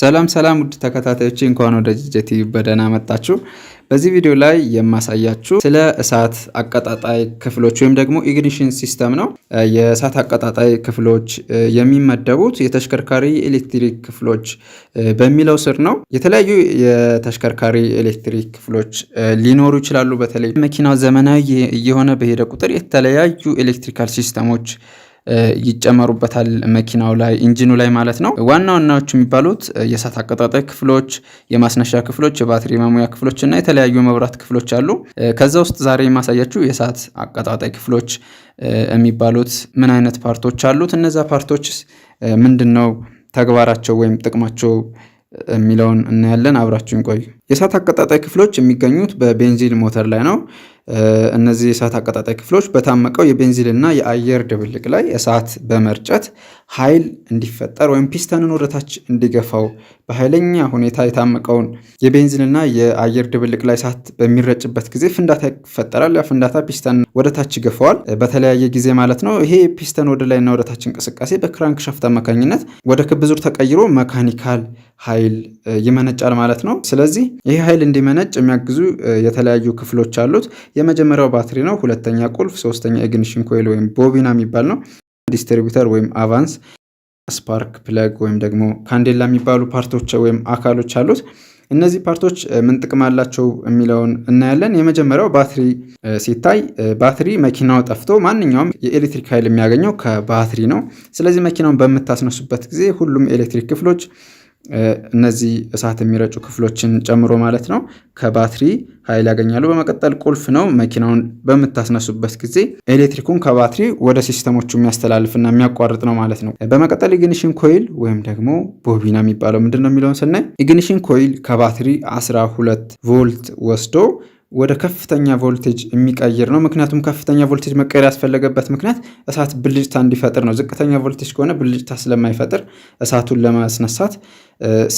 ሰላም ሰላም ውድ ተከታታዮች እንኳን ወደ ጀጀቲ በደህና መጣችሁ። በዚህ ቪዲዮ ላይ የማሳያችሁ ስለ እሳት አቀጣጣይ ክፍሎች ወይም ደግሞ ኢግኒሽን ሲስተም ነው። የእሳት አቀጣጣይ ክፍሎች የሚመደቡት የተሽከርካሪ ኤሌክትሪክ ክፍሎች በሚለው ስር ነው። የተለያዩ የተሽከርካሪ ኤሌክትሪክ ክፍሎች ሊኖሩ ይችላሉ። በተለይ መኪናው ዘመናዊ እየሆነ በሄደ ቁጥር የተለያዩ ኤሌክትሪካል ሲስተሞች ይጨመሩበታል መኪናው ላይ ኢንጂኑ ላይ ማለት ነው። ዋና ዋናዎቹ የሚባሉት የእሳት አቀጣጣይ ክፍሎች፣ የማስነሻ ክፍሎች፣ የባትሪ መሙያ ክፍሎች እና የተለያዩ መብራት ክፍሎች አሉ። ከዛ ውስጥ ዛሬ የማሳያችሁ የእሳት አቀጣጣይ ክፍሎች የሚባሉት ምን አይነት ፓርቶች አሉት፣ እነዛ ፓርቶችስ ምንድን ነው ተግባራቸው ወይም ጥቅማቸው የሚለውን እናያለን። አብራችሁን ቆዩ። የእሳት አቀጣጣይ ክፍሎች የሚገኙት በቤንዚን ሞተር ላይ ነው። እነዚህ የእሳት አቀጣጣይ ክፍሎች በታመቀው የቤንዚን የአየር ድብልቅ ላይ እሳት በመርጨት ኃይል እንዲፈጠር ወይም ፒስተንን ወደታች እንዲገፋው በኃይለኛ ሁኔታ የታመቀውን የቤንዚንና የአየር ድብልቅ ላይ እሳት በሚረጭበት ጊዜ ፍንዳታ ይፈጠራል። ያ ፍንዳታ ፒስተን ወደታች ይገፋዋል፣ በተለያየ ጊዜ ማለት ነው። ይሄ ፒስተን ወደ ላይና ወደታች እንቅስቃሴ በክራንክ ሻፍት አማካኝነት ወደ ክብ ዙር ተቀይሮ መካኒካል ኃይል ይመነጫል ማለት ነው። ስለዚህ ይህ ኃይል እንዲመነጭ የሚያግዙ የተለያዩ ክፍሎች አሉት። የመጀመሪያው ባትሪ ነው። ሁለተኛ ቁልፍ፣ ሶስተኛ ኢግኒሽን ኮይል ወይም ቦቢና የሚባል ነው። ዲስትሪቢተር ወይም አቫንስ፣ ስፓርክ ፕለግ ወይም ደግሞ ካንዴላ የሚባሉ ፓርቶች ወይም አካሎች አሉት። እነዚህ ፓርቶች ምን ጥቅም አላቸው የሚለውን እናያለን። የመጀመሪያው ባትሪ ሲታይ ባትሪ መኪናው ጠፍቶ ማንኛውም የኤሌክትሪክ ኃይል የሚያገኘው ከባትሪ ነው። ስለዚህ መኪናውን በምታስነሱበት ጊዜ ሁሉም ኤሌክትሪክ ክፍሎች እነዚህ እሳት የሚረጩ ክፍሎችን ጨምሮ ማለት ነው ከባትሪ ኃይል ያገኛሉ። በመቀጠል ቁልፍ ነው። መኪናውን በምታስነሱበት ጊዜ ኤሌክትሪኩን ከባትሪ ወደ ሲስተሞቹ የሚያስተላልፍና የሚያቋርጥ ነው ማለት ነው። በመቀጠል ኢግኒሽን ኮይል ወይም ደግሞ ቦቢና የሚባለው ምንድን ነው የሚለውን ስናይ ኢግኒሽን ኮይል ከባትሪ 12 ቮልት ወስዶ ወደ ከፍተኛ ቮልቴጅ የሚቀይር ነው። ምክንያቱም ከፍተኛ ቮልቴጅ መቀየር ያስፈለገበት ምክንያት እሳት ብልጭታ እንዲፈጥር ነው። ዝቅተኛ ቮልቴጅ ከሆነ ብልጭታ ስለማይፈጥር እሳቱን ለማስነሳት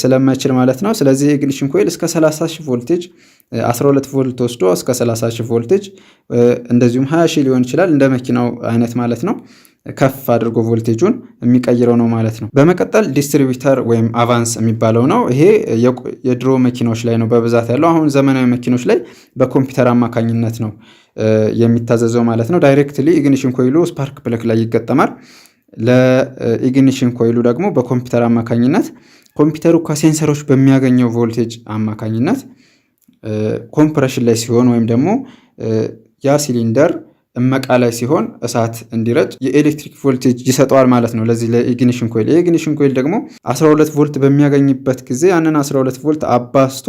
ስለማይችል ማለት ነው። ስለዚህ የኢግኒሽን ኮይል እስከ 30 ሺህ ቮልቴጅ 12 ቮልት ወስዶ እስከ 30 ሺህ ቮልቴጅ እንደዚሁም 20 ሺህ ሊሆን ይችላል እንደ መኪናው አይነት ማለት ነው ከፍ አድርጎ ቮልቴጁን የሚቀይረው ነው ማለት ነው። በመቀጠል ዲስትሪቢተር ወይም አቫንስ የሚባለው ነው። ይሄ የድሮ መኪኖች ላይ ነው በብዛት ያለው። አሁን ዘመናዊ መኪኖች ላይ በኮምፒውተር አማካኝነት ነው የሚታዘዘው ማለት ነው። ዳይሬክትሊ ኢግኒሽን ኮይሉ ስፓርክ ፕለክ ላይ ይገጠማል። ለኢግኒሽን ኮይሉ ደግሞ በኮምፒውተር አማካኝነት ኮምፒውተሩ ከሴንሰሮች በሚያገኘው ቮልቴጅ አማካኝነት ኮምፕረሽን ላይ ሲሆን ወይም ደግሞ ያ ሲሊንደር እመቃ ላይ ሲሆን እሳት እንዲረጭ የኤሌክትሪክ ቮልቴጅ ይሰጠዋል ማለት ነው። ለዚህ ለኢግኒሽን ኮይል የኢግኒሽን ኮይል ደግሞ 12 ቮልት በሚያገኝበት ጊዜ ያንን 12 ቮልት አባስቶ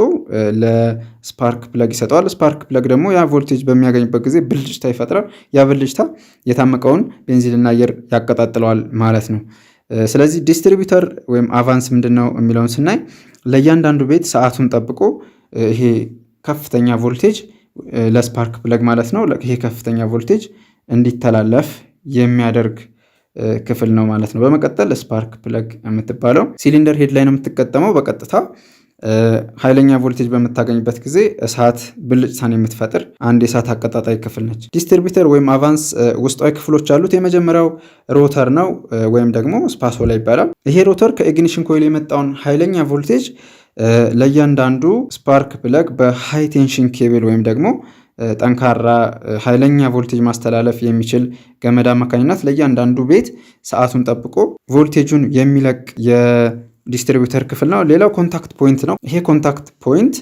ለስፓርክ ፕለግ ይሰጠዋል። ስፓርክ ፕለግ ደግሞ ያ ቮልቴጅ በሚያገኝበት ጊዜ ብልጭታ ይፈጥራል። ያ ብልጭታ የታመቀውን ቤንዚልና አየር ያቀጣጥለዋል ማለት ነው። ስለዚህ ዲስትሪቢተር ወይም አቫንስ ምንድን ነው የሚለውን ስናይ ለእያንዳንዱ ቤት ሰዓቱን ጠብቆ ይሄ ከፍተኛ ቮልቴጅ ለስፓርክ ፕለግ ማለት ነው። ይሄ ከፍተኛ ቮልቴጅ እንዲተላለፍ የሚያደርግ ክፍል ነው ማለት ነው። በመቀጠል ስፓርክ ፕለግ የምትባለው ሲሊንደር ሄድ ላይ ነው የምትቀጠመው በቀጥታ ኃይለኛ ቮልቴጅ በምታገኝበት ጊዜ እሳት ብልጭታን የምትፈጥር አንድ የእሳት አቀጣጣይ ክፍል ነች። ዲስትሪቢተር ወይም አቫንስ ውስጣዊ ክፍሎች አሉት። የመጀመሪያው ሮተር ነው ወይም ደግሞ ስፓሶላ ይባላል። ይሄ ሮተር ከኢግኒሽን ኮይል የመጣውን ኃይለኛ ቮልቴጅ ለእያንዳንዱ ስፓርክ ፕለግ በሃይ ቴንሽን ኬብል ወይም ደግሞ ጠንካራ ኃይለኛ ቮልቴጅ ማስተላለፍ የሚችል ገመድ አማካኝነት ለእያንዳንዱ ቤት ሰዓቱን ጠብቆ ቮልቴጁን የሚለቅ ዲስትሪቢተር ክፍል ነው። ሌላው ኮንታክት ፖይንት ነው። ይሄ ኮንታክት ፖይንት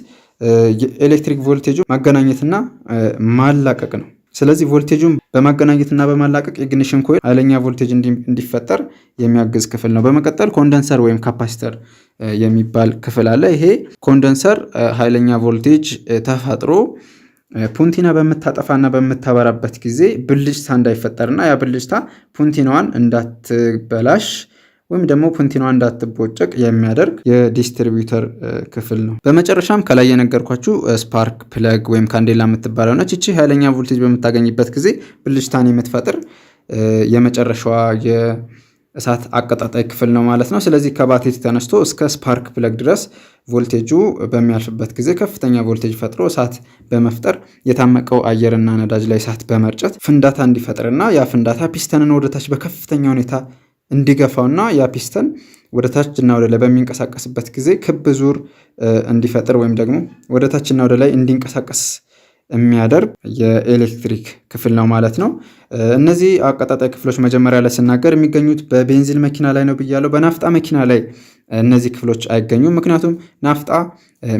የኤሌክትሪክ ቮልቴጁ ማገናኘትና ማላቀቅ ነው። ስለዚህ ቮልቴጁን በማገናኘትና በማላቀቅ የግኒሽን ኮይል ኃይለኛ ቮልቴጅ እንዲፈጠር የሚያግዝ ክፍል ነው። በመቀጠል ኮንደንሰር ወይም ካፓሲተር የሚባል ክፍል አለ። ይሄ ኮንደንሰር ኃይለኛ ቮልቴጅ ተፈጥሮ ፑንቲና በምታጠፋና በምታበራበት ጊዜ ብልጭታ እንዳይፈጠርና ያ ብልጭታ ፑንቲናዋን እንዳትበላሽ ወይም ደግሞ ፑንቲኗ እንዳትቦጨቅ የሚያደርግ የዲስትሪቢዩተር ክፍል ነው። በመጨረሻም ከላይ የነገርኳችሁ ስፓርክ ፕለግ ወይም ካንዴላ የምትባለው ነች። ይቺ ኃይለኛ ቮልቴጅ በምታገኝበት ጊዜ ብልጭታን የምትፈጥር የመጨረሻዋ የእሳት አቀጣጣይ ክፍል ነው ማለት ነው። ስለዚህ ከባቴት ተነስቶ እስከ ስፓርክ ፕለግ ድረስ ቮልቴጁ በሚያልፍበት ጊዜ ከፍተኛ ቮልቴጅ ፈጥሮ እሳት በመፍጠር የታመቀው አየርና ነዳጅ ላይ እሳት በመርጨት ፍንዳታ እንዲፈጥርና ያ ፍንዳታ ፒስተንን ወደታች በከፍተኛ ሁኔታ እንዲገፋውና ያ ፒስተን ወደ እና ወደ ላይ በሚንቀሳቀስበት ጊዜ ክብ ዙር እንዲፈጥር ወይም ደግሞ ወደ እና ወደ ላይ እንዲንቀሳቀስ የሚያደርግ የኤሌክትሪክ ክፍል ነው ማለት ነው። እነዚህ አቀጣጣይ ክፍሎች መጀመሪያ ላይ ስናገር የሚገኙት በቤንዚን መኪና ላይ ነው ብያለው። በናፍጣ መኪና ላይ እነዚህ ክፍሎች አይገኙም። ምክንያቱም ናፍጣ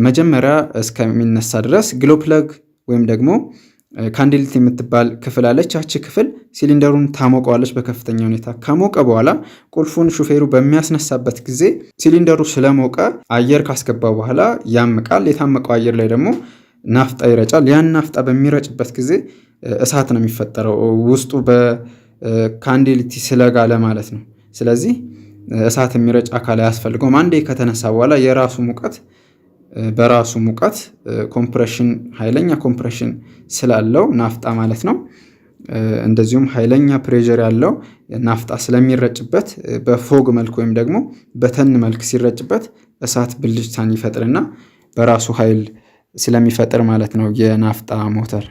መጀመሪያ እስከሚነሳ ድረስ ግሎፕለግ ወይም ደግሞ ካንዲሊት የምትባል ክፍል አለች። ያቺ ክፍል ሲሊንደሩን ታሞቀዋለች በከፍተኛ ሁኔታ። ከሞቀ በኋላ ቁልፉን ሹፌሩ በሚያስነሳበት ጊዜ ሲሊንደሩ ስለሞቀ አየር ካስገባ በኋላ ያምቃል። የታመቀው አየር ላይ ደግሞ ናፍጣ ይረጫል። ያን ናፍጣ በሚረጭበት ጊዜ እሳት ነው የሚፈጠረው ውስጡ በካንዲሊቲ ስለጋለ ማለት ነው። ስለዚህ እሳት የሚረጭ አካል አያስፈልገውም። አንዴ ከተነሳ በኋላ የራሱ ሙቀት በራሱ ሙቀት ኮምፕሬሽን ኃይለኛ ኮምፕሬሽን ስላለው ናፍጣ ማለት ነው። እንደዚሁም ኃይለኛ ፕሬዠር ያለው ናፍጣ ስለሚረጭበት በፎግ መልክ ወይም ደግሞ በተን መልክ ሲረጭበት እሳት ብልጭታን ይፈጥርና በራሱ ኃይል ስለሚፈጥር ማለት ነው የናፍጣ ሞተር